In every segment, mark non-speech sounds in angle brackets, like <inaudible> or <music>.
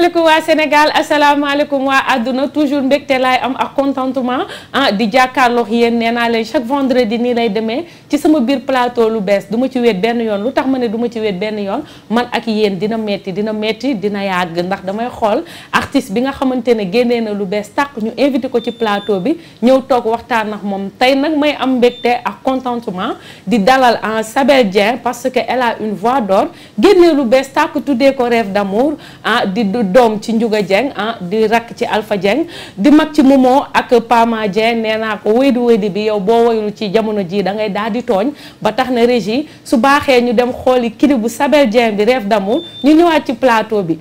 asalaamaaleykum wa Sénégal asalaamaaleykum wa aduna, toujours mbégte laay am ak contentement ah di jakarlo yéen nee chaque vendredi ni lay démé ci sama biir plateau lu bees duma ci wéet ben yoon lu tax ma ne ci wéet ben yoon man ak yéen dina metti dina metti dina yag ndax damay xol artiste bi nga xamante ne génnee na lu bees tak ñu invité ko ci plateau bi ñëw tok waxtaan nak mom tay nak may am mbégte ak contentement di dalal en ah, Sabel parce que elle a une voix d'or génné lu bees tak tuddee ko rêve d'amour ah di doom ci Ndiouga Dieng ah di rak ci Alpha Dieng di mak ci Momo ak Pama jeng nee naa ko wéydi wéydi bi yow boo woyul ci jamono ji da ngay di ba tax na régie su baaxee ñu dem xooli clip bu Sabel jeng bi Rêve d'amour ñu ñëwaat ci plateau bi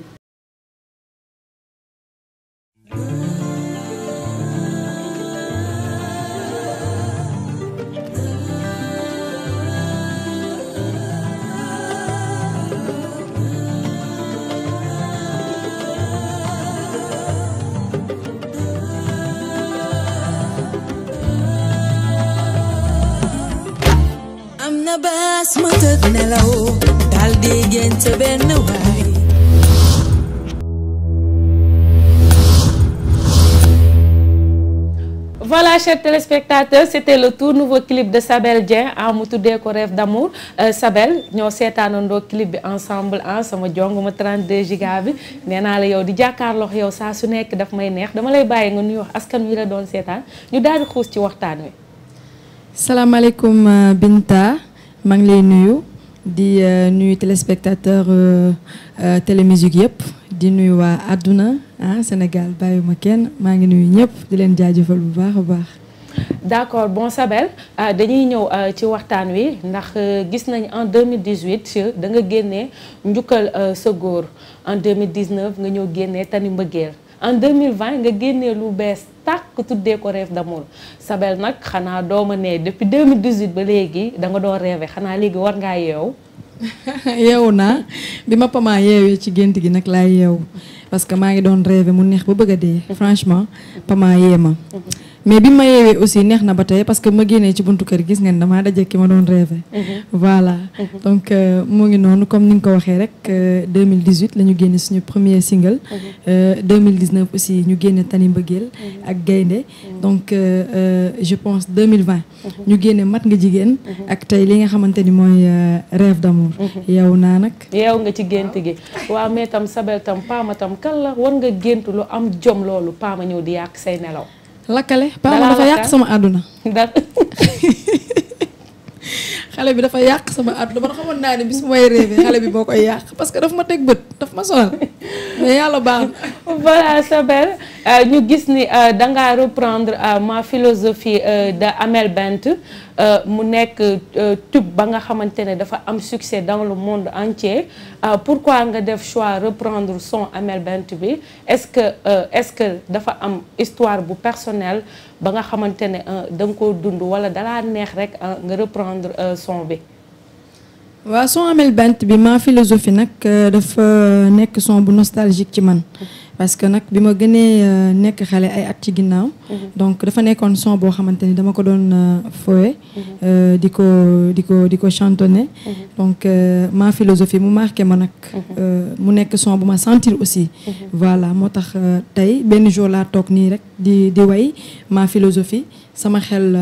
nelaw dal di gént benn waay voilà chers téléspectateurs c' était Sabel Dieng ah mu tuddee ko rêve d' amour euh, Sabel bi ensemble ah, sama jong ma bi nee la yow di jàkkaarloo yow saa su nekk daf may neex dama lay bàyyi nga nuyu wax askan wi la doon seetaan ñu daal di xuus ci waxtaan wi. salaamaaleykum euh, Binta maa lay nuyu. Euh, euh, euh, di nuyu téléspectateur télémusique yep di nuyu wa aduna ah Sénégal bàyyiwuma kenn ma ngi nuyu ñep di len jaajëfal bu baax a baax. d'accord bon Sabel dañuy ñëw ci waxtaan wi ndax gis nañ en 2018 da nga génnee njukkal sa góor en 2019 nga ñëw génnee tani mbëggeel en 2020 nga génnee lu bees tak tout ko rêve d'amour Sabel nak xanaa doo ma depuis 2018 ba légui da nga do rêvé xanaa légui war nga yew <laughs> yeewu naa bi ma pamaa ci genti gi nak laay yew parce que ma ngi don rêvé mu neex ba bëgg dé dee franchement pamaa ma mhm. mais bi ma yeewee aussi neex na ba tey parce que ma génnee ci buntu kër gis ngeen damaa daje ki ma doon rêvé. Mhm. voilà mhm. donc euh, moo ngi noonu comme ni nga ko waxee rek 2018 euh, la ñu génne suñu premier single. 2019 mhm. euh, aussi ñu génne Tani Mbëggeel ak Gaynde donc je pense deux mille 2020. ñu génne mat nga jigéen. ak tey li nga xamante ni mooy rêve d'amour. yow naa nag. yow nga ci gént gi waaw mais tam sabel tam paama tam kan la war nga gént lu am jom loolu paama ñëw di yàq say nelaw. lakkale par ma dafa yàq sama àdduna <laughs> xale bi dafa yàq sama àdduna man xamoon naa ne bis mooy réewe xale bi moo koy yàq parce que daf ma teg bët daf ma sonal mais yàlla baax na <laughs> voilà Sabel euh, ñu gis ni euh, dangaa reprendre euh, ma philosophie de Amel Bent Euh, mu nekk euh, tube ba nga xamantene dafa am succès dans le monde entier euh, pourquoi nga def choix reprendre son Amel Bent bi est-ce que est-ce que dafa am histoire bu personnelle ba nga xamantene ne da ko dund wala dalaa neex rek nga reprendre son bi voilà, son amel bant bi ma philosophie nak euh, dafa nek son bu nostalgique ci man parce que nak bima gëné euh, nek xalé ay at ci ginnaw mhm. donc dafa nekkoon son bo xamanteni dama ko don foé euh diko diko diko di chantonné mhm. donc euh, ma philosophie mu marqué ma mhm. euh mu nek son bu ma sentir aussi voilà motax tay ben jour la tok ni rek di di way ma philosophie sama xel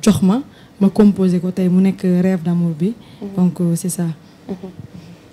jox ma ma composer côté tey mu rêve d'amour bi. Mhm. donc euh, c'est ça. Mhm.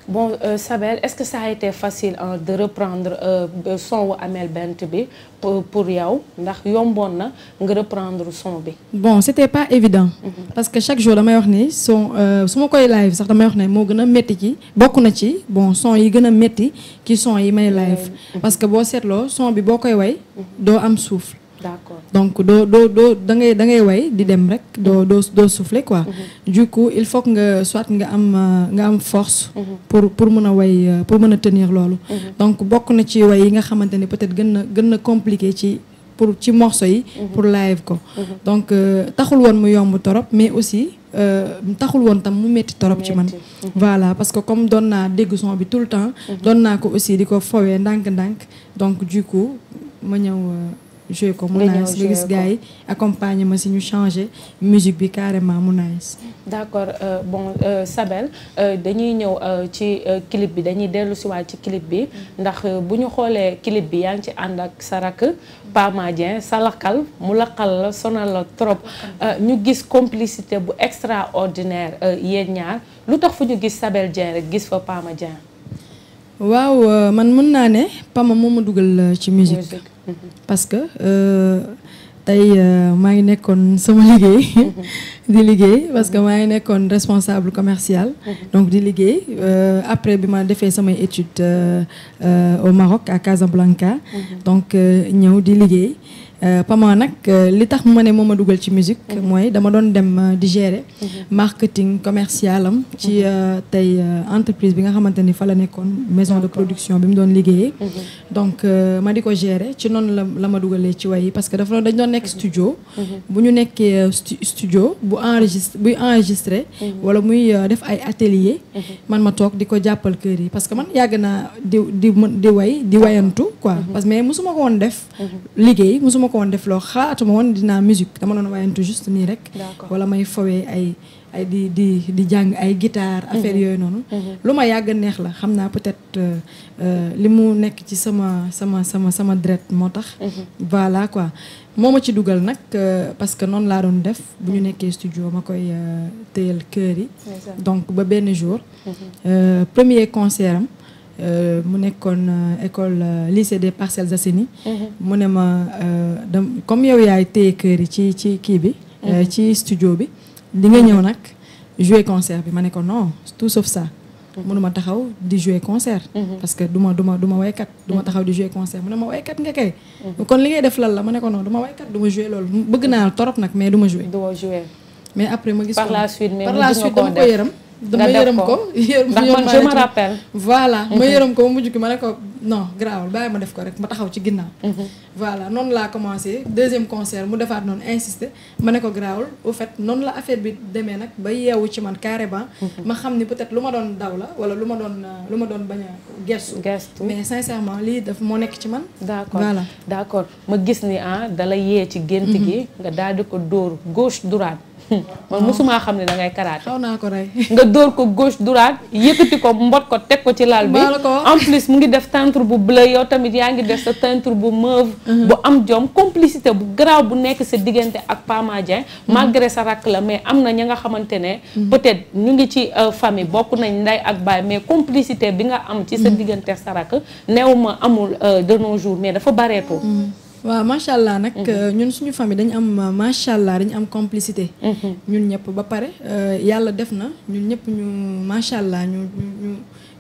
bon euh, Sabel est-ce que ça a été facile hein, de reprendre euh, son Amel Bent bi pour pour yow ndax yomboon na reprendre son bi. bon c'était pas évident. Mhm. parce que chaque jour la wax ni son euh, ma koy live sax damay wax ne mo gëna metti ci bokk na ci bon son yi gëna metti métti ci son yi may live. Mm. parce que bo setlo son bi bokoy way do am souffle. d'accord donc doo doo doo da ngay da ngay way di dem rek doo mhm. doo doo souffler quoi. Mhm. du il faut nga soit nga am euh, nga am force. Mhm. pour pour mën a way euh, pour mën a tenir loolu. donc bokk na ci way yi nga xamante ne peut-être gën na gën na compliqué ci. pour ci morceau yi pour live ko donc euh, taxul woon mu yomb torop mais aussi taxul woon tam mu metti torop ci man voilà parce que comme doon naa dégg son bi tout le temps doon naa ko aussi di ko fowee ndànk-ndànk donc du ma ñëw je comme mu nice nga gis gars yi accompagner ma si ñu changer musique bi carrément mu nice d' euh, bon euh, Sabel euh, dañuy ñëw euh, ci euh, clip bi dañuy dellu ci waat ci clip bi ndax buñu xolé clip bi yaa ngi ci ànd ak sa rakk Pama Dieng mu la sonal la trop ñu gis complicité bu extraordinaire yéen ñaar lu tax fu ñu gis Sabel dien rek gis fa Pama Dieng waaw man mën naa ne Pama moo ma dugal ci musique parce que je euh, euh, suis <laughs> parce que responsable commercial donc di euh, après bi ma mes études au Maroc à Casablanca donc ñëw di liggéey euh, Pama nak euh, li tax ma ne ma ci musique moy mhm. dama don dem euh, di gérer mhm. marketing commercial am ci mhm. tay entreprise bi nga xamanteni fa la nekkoon maison de production bi mu doon donc ma di gérer ci non la ma dougalé ci way parce que dafa doon dañ doon nek studio bu ñu studio bu enregistre buy enregistré wala muy def ay atelier man ma tok diko jappel jàppal kër yi parce que man yàgg naa di di way di wayantu quoi parce que mais musuma ko won def liggéey musuma ko woon def loo musique dama juste ni rek wala may ay ay di di di guitare mhm. affaire mhm. la peut-être euh, euh, ci sama sama sama sama mhm. voilà quoi ci euh, parce que non la def studio donc ba jour premier concert euh, mu nekkoon euh, école euh, lycée des Parcelles Assainies. Mm-hmm. mu comme yow yaay téye kër yi ci ci kii bi. Mm-hmm. ci studio bi. di nga ñëw nag jouer concert bi ma ko non tout sauf ça. Mm-hmm. mënuma taxaw di jouer concert. parce que duma duma duma way kat duma taxaw di jouer concert mu ne ma waykat nga kay. kon li ngay def lan la ma ne ko non duma way kat duma jouer loolu bëgg na torop nak mais duma jouer. du jouer mais après ma gis. par la suite mais par la suite dama ko yërëm <laughs> je me rappelle voilà ma me mhm. ko non garaawul Je ma def ko rek ma mhm. voilà Non, commencé deuxième concert mu me suis insisté ma ko au fait non, la affaire bi demee Je me rappelle. ci man carrément mhm. ma xam peut-être lu je wala euh, guest. mais sincèrement lii daf moo ci man d'accord d'accord ma gis ni ah Je yee ci gént gi nga daal gauche droite <laughs> man mosumaa xam ne dangay ngay karaate. xaw naa <laughs> nga dóor ko gauche droite yëkkati ko mbot ko teg ko ci lal bi. en plus mu ngi def teinture bu bleu yow tamit yaa ngi def sa tentre bu mauve. Mhm. bu am jom complicité bu garaaw bu nekk sa diggante ak Pama Dieng. Mhm. malgré sa rakk la mais am na ña nga xamante ne. Mhm. peut-être ñu ngi ci euh, famille bokk nañ nday ak baay mais complicité bi nga am. ci sa diggante sa rakk néew ma amul euh, de nos jour mais dafa bareetoo. waaw macha allah nag mhm. euh, ñun suñu famille dañu am euh, macha allah dañu am complicité. Mhm. ñun ñëpp ba pare euh, yàlla def na ñun ñëpp ñu macha allah ñu ñu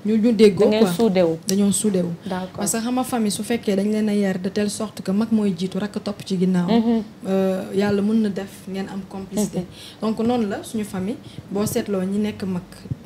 ñu ñu déggoo quoi dañoo suudewu parce que xam nga famille su fekkee dañ leen a yar de telle sorte que mag mooy jiitu rakk topp ci ginnaaw mhm. yàlla mun na def ngeen am complicité donc noonu la suñu famille boo seetloo ñi nekk mag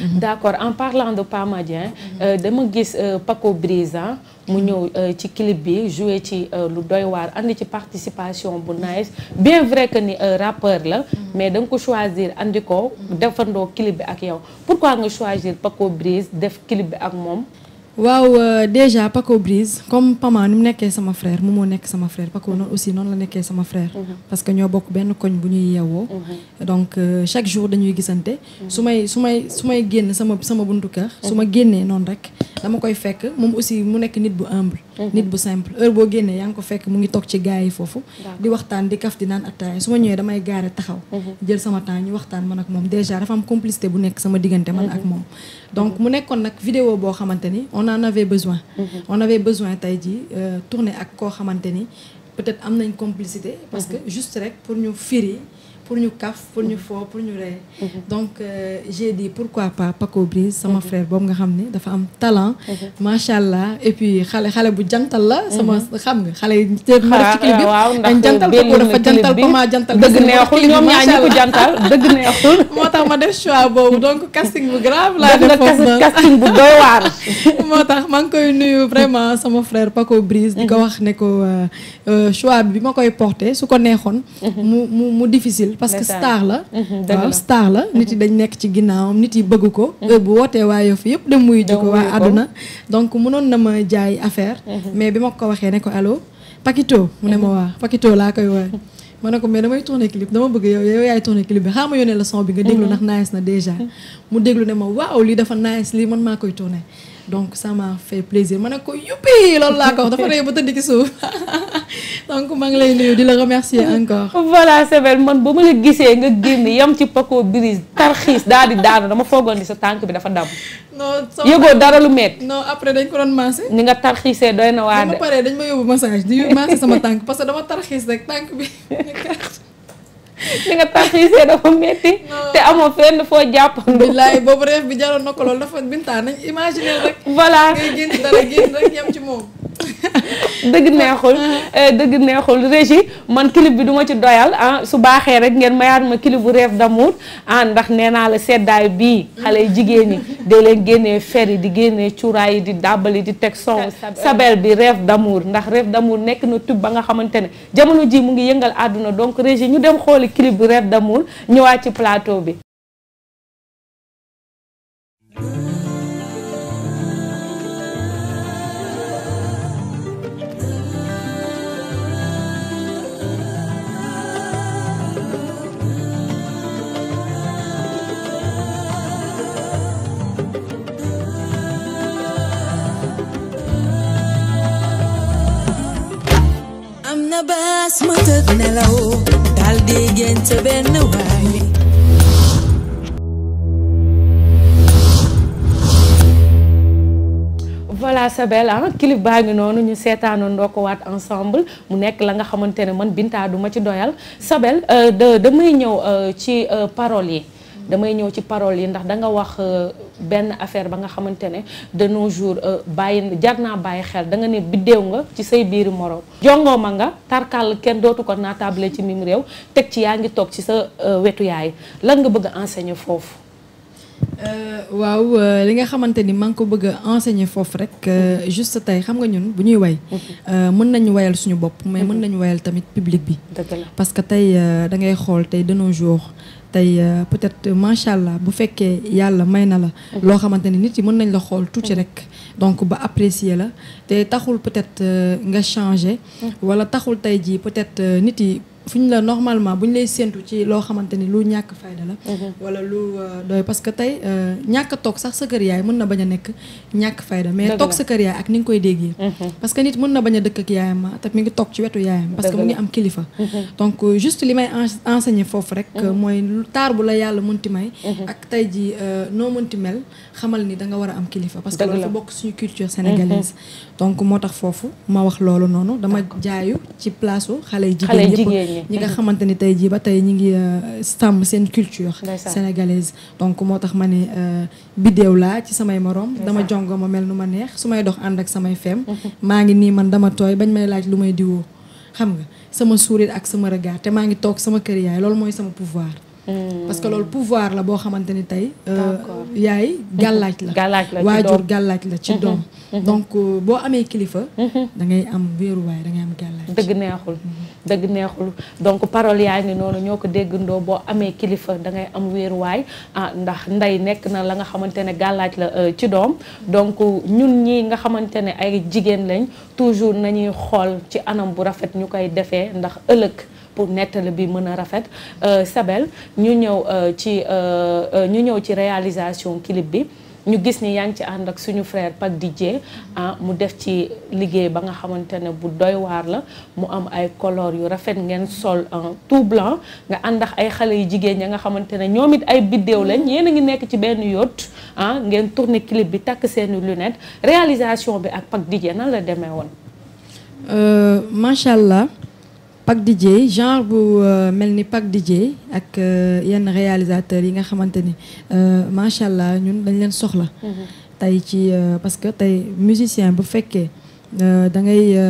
Mhm. D'accord, en parlant de Pamadien mhm. euh, dama gis euh, Paco Brisan mu mhm. ñëw euh, ci clip bi joué ci lu doy waar andi ci participation bu nice bien vrai que ni rappeur là, mais da nga ko choisir andi ko le clip bi ak yow pourquoi nga choisir Paco Brise def clip bi ak moom waaw euh, déjà Paco Brise comme Pama ni mu nekkee sama frère mu moo sama frère Paco noonu aussi noonu la nekkee sama frère. Mhm. parce que ñoo bokk benn koñ bu ñuy yeewoo. Mhm. donc euh, chaque jour dañuy gisante. Mhm. su may su may su may génn sama sama buntu kër. su ma génnee noonu rek dama koy fekk moom aussi mu nekk nit bu humble. nit bu simple heure bo génnee yaa ngi ko fekk mu ngi tok ci gaay yi foofu. di waxtaan di kaf di naan attaaya suma ñëwé ñëwee damay garé taxaw. jël sama temps ñu waxtaan man ak mom déjà dafa am complicité bu nekk sama diggante man ak mom donc mu nekkon nak vidéo bo xamante ni. Mhm. on avait besoin. on avait besoin de tourner à corps à peut-être amener une complicité. parce mhm. que juste pour nous firi pour nous pour nous mhm. fort, pour nous mhm. donc euh, j'ai dit pourquoi pas Paco Brise mon mhm. frère bon nga xam talent mashallah et puis chale chale bu jantal la ma <laughs> nuyu vraiment sama frère Paco Brice di ko mhm. wax ne ko euh, euh, choix bi ma koy porter su ko neexoon mhm. mu mu difficile parce que star la mhm, star la nit yi dañ nek ci ginaaw nit yi bëgg ko bu wote waa Yoff yëpp dem muy ji wa aduna donc mënoon na ma jaay affaire mais bima ko waxé ne ko allo Pakito mu ne ma waa Pakito la koy woowee ma ko mais damay tourner clip dama bëgg yow yow yaay tourner clip bi xaaral ma la son bi nga déglu ndax nice na déjà mu déglu ne ma waaw li dafa nice li man maa koy tourner donc ça m'a fait plaisir suis yuppi ko dafa ci <laughs> donc remercier encore. voilà Sebel man je ma la nga génn yam ci pako brise tarxis di dama sa tank bi dafa dara lu non après dañ ko massé. ni nga ma di parce que dama <laughs> li nga tarxiisee dafa metti <laughs> te amoo fenn foo jàpp jàppandu. billaay boobu reef bi jaroon na ko loolu dafa bintaan nañ imaginer rek. voilà ngay génn dara génn rek yem ci moom. dëgg neexul eh, dëgg neexul régie man clip bi duma ci doyal ah su baaxee rek ngeen mayaat ma clip bu rêve d'amour ah ndax nee naa la seddaay bii xale jigéen ñi day leen génnee fer yi di génnee cuuraay yi di dàbbali di teg son sabel bi rêve d'amour ndax rêve d'amour nekk na tub ba nga xamante ne jamono ji mu ngi yëngal àdduna donc régie ñu dem xooli clip bi rêve d'amour ñëwaat ci plateau bi ma Sabel ah clip baa ngi noonu ñu seetaanoon ndoo ko waat ensemble mu nekk la nga xamante ne man bintaa duma ci doyal Sabel euh, damay ñëw euh, ci euh, paroles yi damay ñëw ci paroles yi ndax danga wax benn affaire ba nga xamante ne de nos jours euh, bàyyi jar naa bàyyi xel danga ne biddéew nga ci say biir jongo ma nga tarkal kenn dootu ko naatable ci mim réew teg ci yaa ngi toog ci sa euh, wetu yaay lan nga bëgg a enseigner foofu euh, waaw li nga xamante ni maa ngi ko bëgg a foofu rek mhm. juste tey xam nga ñun bu ñuy way mhm. mën nañu wayal suñu bopp mais mhm. mën nañu wayal tamit publique bi parce que tey da ngay xool tey de nos jours tey euh, peut-être euh, macha allah bu fekkee yàlla may na la. loo xamante ne nit yi mën nañ la xool tuuti rek. donc ba apprécier la te taxul peut-être euh, nga changer. wala taxul tey jii peut-être nit yi fu ñu la normalement bu ñu lay séentu ci loo xamante ni lu ñàkk fayda la mhm. wala lu euh, doy parce tey euh, ñàkk a toog sax sa kër yaay mën na bañ a nekk ñàkk fayda mais toog sa kër yaay ak ni nga koy déggee mhm. parce nit mën na bañ a dëkk ak yaayam te mi ngi toog ci wetu yaayam parce mu ngi am kilifa mhm. donc euh, juste li may enseigner foofu rek mooy taar bu la yàlla mënti may ak tey ji noo mënti mel xamal ni da nga war a am kilifa parce que loolu fa bokk suñu culture sénégalaise donc moo tax foofu ma wax loolu noonu dama jaayu ci place xale jigéen ñëpp ñi nga mhm. xamante ni tey jii ba tey ñi ngi euh, sàmm seen culture sénégalaise donc moo tax ma ne euh, bidéew laa ci samay morom dama jongo ma mel nu ma neex su may dox ànd ak samay fem mhm. maa ngi nii man dama tooy bañ may laaj lu may diwoo xam nga sama sourire ak sama regard te maa ngi toog sama kër yaay loolu mooy sama pouvoir hmm. parce que loolu pouvoir la boo xamante ni tey euh, yaay gàllaaj la waajur gàllaaj la ci doom Mhm. donc euh, Bo amé kilifa. Mhm. da ngay am way da ngay am donc parole yaa nonu ñoko dégg ndo bo amé kilifa da ngay am ah, ndax na la nga la euh, ci donc ñun ñi nga ay toujours nañuy xol ci anam bu rafet ñukay défé ndax pour nettali bi mëna rafet euh Sabel ñu ñëw euh, ci ñu ñëw ci clip bi ñu gis ni yaa ngi ci ànd ak suñu frère Pape Didier ah mu def ci liggéey ba nga xamante ne bu doy waar la mu am ay couleur yu rafet ngeen sol en tout blanc nga ànd ak ay xale yu jigéen ña nga xamante ne ñoom it ay biddéew lañ yéen a ngi nekk ci benn yoot ah ngeen tourner clip bi takk seeni lunette réalisation bi ak Pape Didier nan la demee woon. Euh, macha allah. Pak DJ genre bu euh, mel ni Pak DJ ak euh, yenn réalisateur yi nga xamanteni euh machallah ñun dañ leen soxla. Mhm. tay ci euh, parce que tay musicien bu fekkee da ngay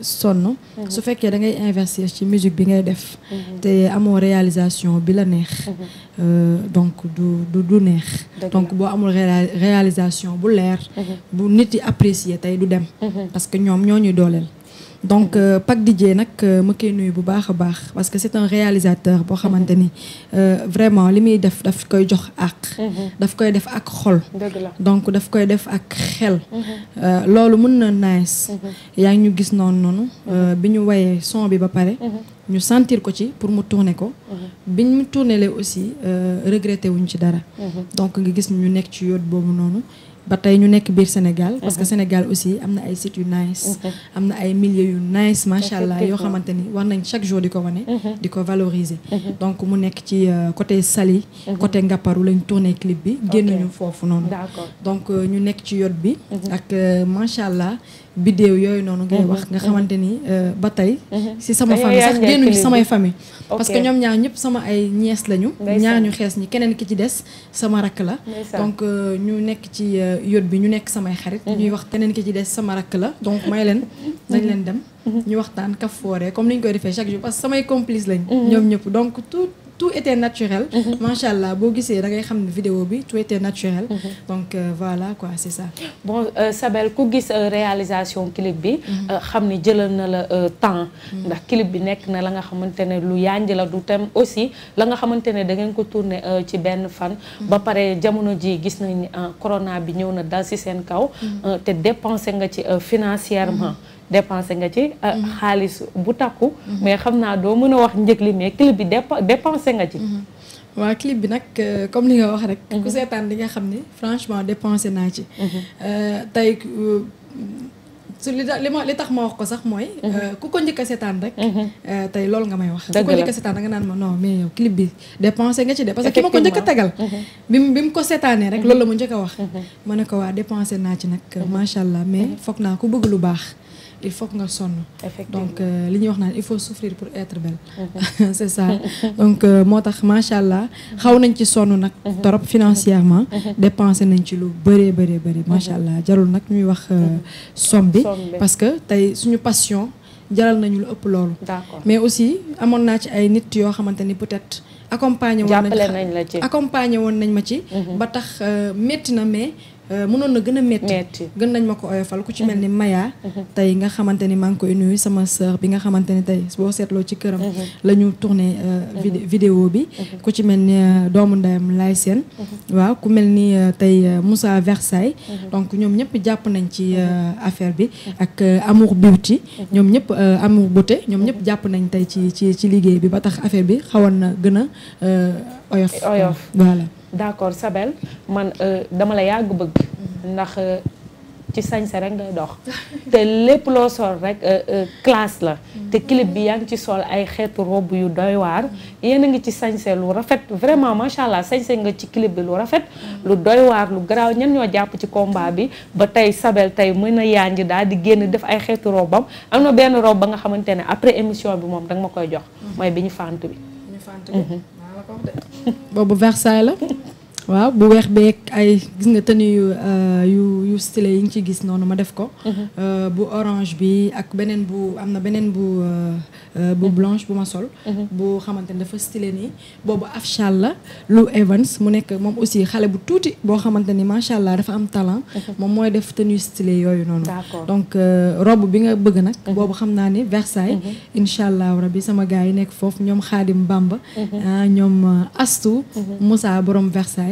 son mhm. su fekke da ngay investir ci musique bi ngay def. Mhm. te amoo réalisation bi la neex. donc du du neex. donc bo amul réalisation bu leer. bu nit yi apprécier tay du dem. parce que ñom ñoo ñuy dooleel donc euh, Pak Didier nak euh, ma koy nuyu bu baax baax parce que c'est un réalisateur bo xamanteni euh vraiment limi def daf koy jox ak mhm. daf koy def ak xol donc daf koy def ak xel mhm. euh, loolu mën na nice mhm. ya ngi ñu gis non noonu bi ñu son bi ba pare ñu sentir ko ci pour mu tourner ko biñ mu tourner lee aussi regretté wuñ ci dara donc nga gis ñu nek ci yoot boobu non ba tey ñu nekk biir Sénégal parce que mhm. Sénégal aussi am na ay sites yu nice am na ay milieu yu nice macha allah yoo xamante ni war nañ chaque jour di ko wane mhm. di ko valoriser mhm. donc mu nekk ci euh, côté sali côté Ngaparou lañ tourner clip bi ñu foofu noonu donc euh, ñu nekk ci yot bi ak euh, macha allah biddéew yooyu noonu ngay wax nga xamante ni ba tey si sama famille sax ci samay famille parce que ñoom ñaar ñëpp sama ay ñees lañu ñaar ñu xees ñi keneen ki ci des sama rakk la donc ñu nekk ci yóot bi ñu nekk samay xarit mhm. ñuy wax keneen ki ci des sama rakk la donc may leen dañ leen dem mhm. Mhm. ñu waxtaan ka foore comme ni koy defee chaque jour parce samay complice lañ ñoom ñëpp tout était naturel. Mhm. Machallah, allah boo gisee da ngay xam vidéo bi tout était naturel. Mhm. donc euh, voilà quoi c'est ça. bon euh, Sabel ku gis euh, réalisation clip bi. Mhm. xam ni jëlal na la temps. ndax clip bi nek na la nga xamante ne lu yànj la du aussi la nga xamante ne da ngeen ko tourner ci Ben fan. ba pare jamono ji gis nañ ah, corona bi ñëw dans dal si kaw. te dépensé nga ci financièrement. dépenser nga ci euh, mm-hmm. xaalis bu takku mm-hmm. mais xamna do meuna wax njëg li mais clip bi dépenser nga ci mm-hmm. wa clip bi nak euh, comme li nga wax rek ku sétane li nga xamni franchement dépenser na ci euh, tey su li li ma li tax ma wax ko sax mooy ku ko njëkk a seetaan rek tey loolu nga may wax ku ko njëkk a nga naan ma non mais yow clip bi dépensé nga ci de parce que ki ma ko njëkk a tegal bi bi mu ko seetaanee rek loolu la ma njëkk a wax ma ko waa dépensé naa ci nag macha mais foog naa ku bëgg lu baax il faut que nga donc euh, li wax naan il faut souffrir pour être belle <laughs> c'est ça donc euh, moo tax macha allah xaw nañ ci sonn nag torop financièrement dépenser nañ ci lu bëree bëree bëri macha allah jarul nag ñuy wax euh, somme parce que tey suñu passion jaral nañu lu ëpp loolu mais aussi amoon naa ci ay nit yoo xamante ni peut-être accompagné woon nañ la ci accompagné woon nañ ma ci mhm. ba tax métti na mais Euh, mënoon na gën a métti gën nañ ma ko oyofal ku ci mhm. mel ni Maya mhm. tey nga xamante ni maa ngi koy nuyu sama sœur bi nga xamante ni tey boo seetloo ci këram mhm. la ñu tourné euh, vidéo bi ku ci mel ni euh, doomu ndeyam Lay Sène waaw ku mel ni tey Moussa Versailles donc ñoom ñëpp jàpp nañ ci affaire bi ak Amour Beauty ñoom ñëpp Amour Beauté ñoom ñëpp jàpp nañ tey ci ci ci liggéey bi ba tax affaire bi xawoon na gën a oyof oyof d'accord Sabel man euh, dama la yàgg bëgg ndax euh, ci sañse rek ngay dox <laughs> te lépp loo sol rek euh, classe la te clip bi yaa ngi ci sol ay xeetu rob yu doy waar yéen a ngi ci sañse lu rafet vraiment macha allah sañse nga ci clip bi lu rafet lu doy lu garaaw ñan ñoo jàpp ci combat bi ba tey Sabel tey mën a yaanji daal di génn def ay xeetu robam am na benn robe ba nga xamante ne après émission bi moom danga ma koy jox mm. mooy bi ñu fànt bi mhm. <laughs> boobu Versailles <laughs> waaw bu weex beeg ay gis nga tenu euh, yu yu yi nga ci gis noonu ma def ko. Mhm. Euh, bu orange bi ak beneen bu am na beneen bu euh, bu mhm. blanche bu ma sol. Mhm. bu xamante ne dafa stylé nii boobu afcha la Lou Evans mu nekk moom aussi xale bu tuuti boo xamante ni macha allah dafa am talent. moom mooy def tenue stylé yooyu noonu. donc robe bi nga bëgg nag. boobu xam naa ne Versailles. incha allah bi sama gars yi nekk foofu ñoom Xaadim Bamba. Ah, ñoom Astou. Moussa borom Versailles.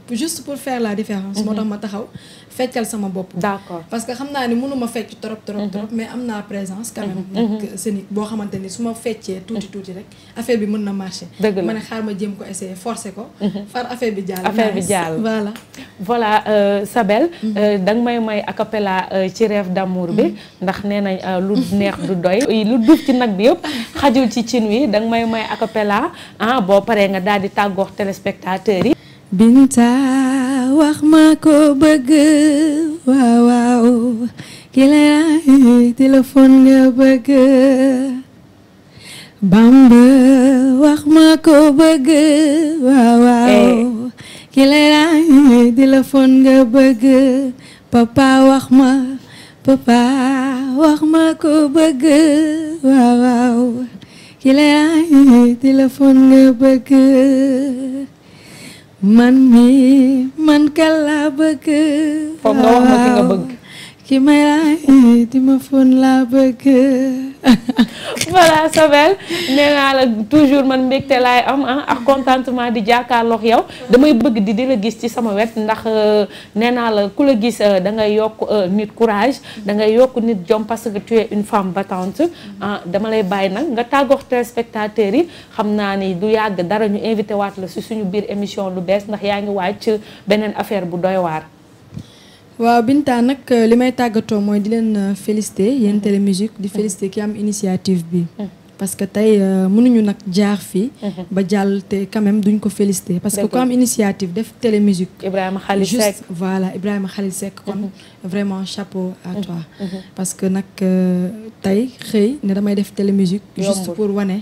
juste pour faire la différence. moo tax ma taxaw feccal sama bop d'accord parce que xamna ni ne ma fecc trop trop trop. Mhm. mais amna présence quand même. Mhm. Mhm. nekk scénique boo xamante ni su ma touti tuuti rek affaire bi meuna marcher. mané la ma xaar ma jéem ko essayer forcer ko. far affaire bi dial affaire bi jàll voilà. voilà euh, Sabel. euh, dang may may a cappella euh, ci rêve d'amour bi. ndax nenañ nañ euh, lu neex du doy. lu duuf ci nak bi yop xajul ci cin dang may may a cappella ah bo paré nga daal di tàggoox téléspectateurs yi. Binta wax ma ko bëgg waaw waaw ki la téléphone nga bëgg Bamba wax ma ko bëgg waaw waaw eh. ki la téléphone nga bëgg papa wax ma papa wax ma ko bëgg waaw waaw ki la téléphone nga bëgg man mi man ka laa bëgg. foog nga wax ma ki nga bëgg. di ma fon laa bëgg. <laughs> voilà Sobel nee la toujours man mbégte laay am ah ak contentement di jàkkaarloog yow damay bëgg di di la gis ci sama wet ndax euh, nee naa la ku la gis euh, dangay ngay yokk euh, nit courage da ngay yokk nit jom parce que tu une femme battante ah dama lay bàyyi nag nga tàggoog téléspectateurs yi xam naa ni du yàgg dara ñu invité waat la si suñu biir émission lu bees ndax yaa ngi wàcc beneen affaire bu doy waar. waaw Binta nak euh, limay tagato moy mooy di leen euh, félicité télé mhm. télémusique di félicité ki am initiative bi mhm. parce que tey euh, mënuñu nak jaar fi mhm. ba jàll te quand même duñ ko féliciter. parce que comme initiative def télémusique. Ibrahima Khalil Seck juste voilà Ibrahim Khalil Seck. vraiment chapeau à toi. parce que nak tay xey né damay def télémusique. juste pour one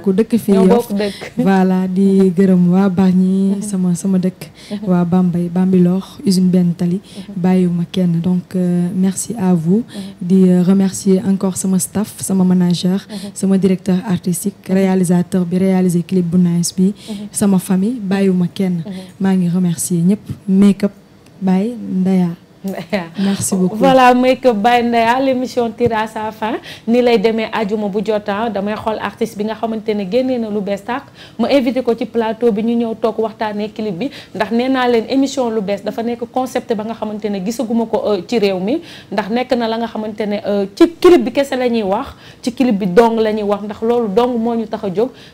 voilà di gërëm waa Bargny <laughs> sama sama dëkk <laughs> Bambilor usine bentali tali <laughs> bàyyiwuma kenn donc euh, merci à vous di euh, remercier encore sama staff sama manager sama directeur artistique réalisateur bi réaliser clip bu nice bi sama famille bàyyiwuma kenn ma ngi remercier ñëpp make up bàyyi Ndaya <laughs> merci beaucoup voilà mais que Baye Ndeya l'émission tira à sa fin ni lay demee ajuma bu jotaan ah, damay xool artiste bi nga xamante ne génnee na lu bees tàq ma invité ko ci plateau bi ñu ñëw toog waxtaanee clip bi ndax émission lu bees dafa nekk concept ba nga xamante ne gisaguma ko euh, ci réew mi ndax nekk na la nga xamante euh, ci clip bi la wax ci clip bi dong la ñuy wax ndax dong moo ñu tax a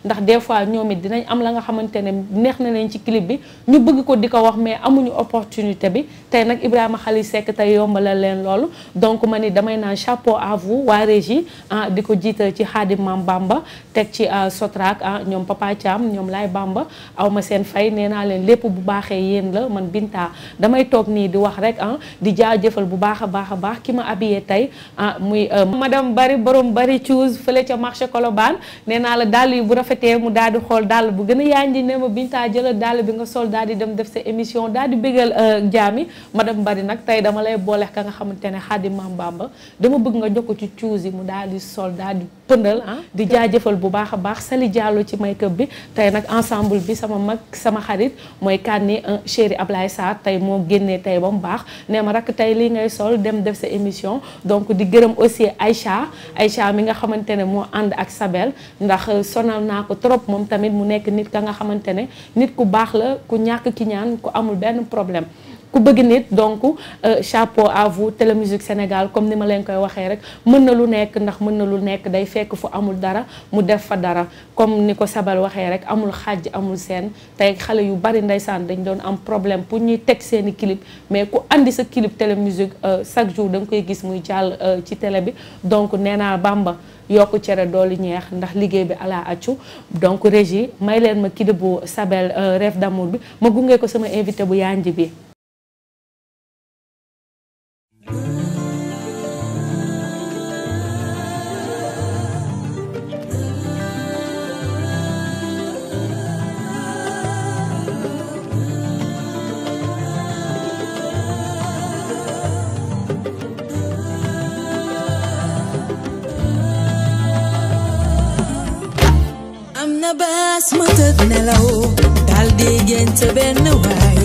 ndax des fois ñoom it dinañ am la nga xamante ne neex na leen ci clip bi ñu bëgg ko wax mais amuñu opportunité bi Ibrahima Wally Seck tey yombalal leen loolu donc ma ni damay naan chapeau à vous waa régie ah di ko jiital ci Xaadim Maam Bamba teg ci ah, Sotrac ah ñoom Papa Thiam ñoom Laay Bamba aw ma seen fay nee naa leen lépp bu baaxee yéen la man Binta damay toog nii di wax rek ah di jëfal bu baax a baax a baax ki ma habillé tey ah muy euh, dem Bari borom Bari Choose fële ca marché Colobane nee naa la dal yi bu rafetee mu daal di xool dàll bu gën a yaañji ne ma Binta jëlal dàll bi nga sol daal di dem def sa émission daal di bégal euh, jaami madame Bari nag tay dama lay boleh ka nga xamantene ne Xaadim Bamba dama bëgg nga jokk ci ciusi mu dal di soldat di pëndal ah, di jaajeufal bu baaxa baax Sali Diallo ci bi tay nak ensemble bi sama mag sama xarit mooy un chéri Ablaye sa tay mo génnee tay ba baax nee ma rakk tey ngay sol dem def sa émission donc di gërëm aussi Aïcha Aïcha mi nga xamantene mo and ak Sabel ndax euh, sonal na ko trop mom tamit mu nekk nit ka nga xamantene nit ku baax la ku ñàkk ki ñaan ku amul ben problème ku bëgg nit donc euh, chapeau à vous Télémusique Sénégal comme ni ma leen koy waxee rek mën na lu nekk ndax mën na lu nekk day fekk fu amul dara mu def fa dara comme ni ko Sabal waxee rek amul xaaj amul seen tey xale yu bari ndeysaan dañ doon am problème pour ñuy teg seeni clip mais ku indi sa clip Télémusique euh, chaque jour da nga koy gis muy jàll euh, ci télé bi donc nee naa Bamba yokk cere doolu ñeex ndax liggéey bi ala accu donc régie may leen ma kii bu Sabel rêve d'amour bi ma ko sama invité bu yanj bi ne la woo daal di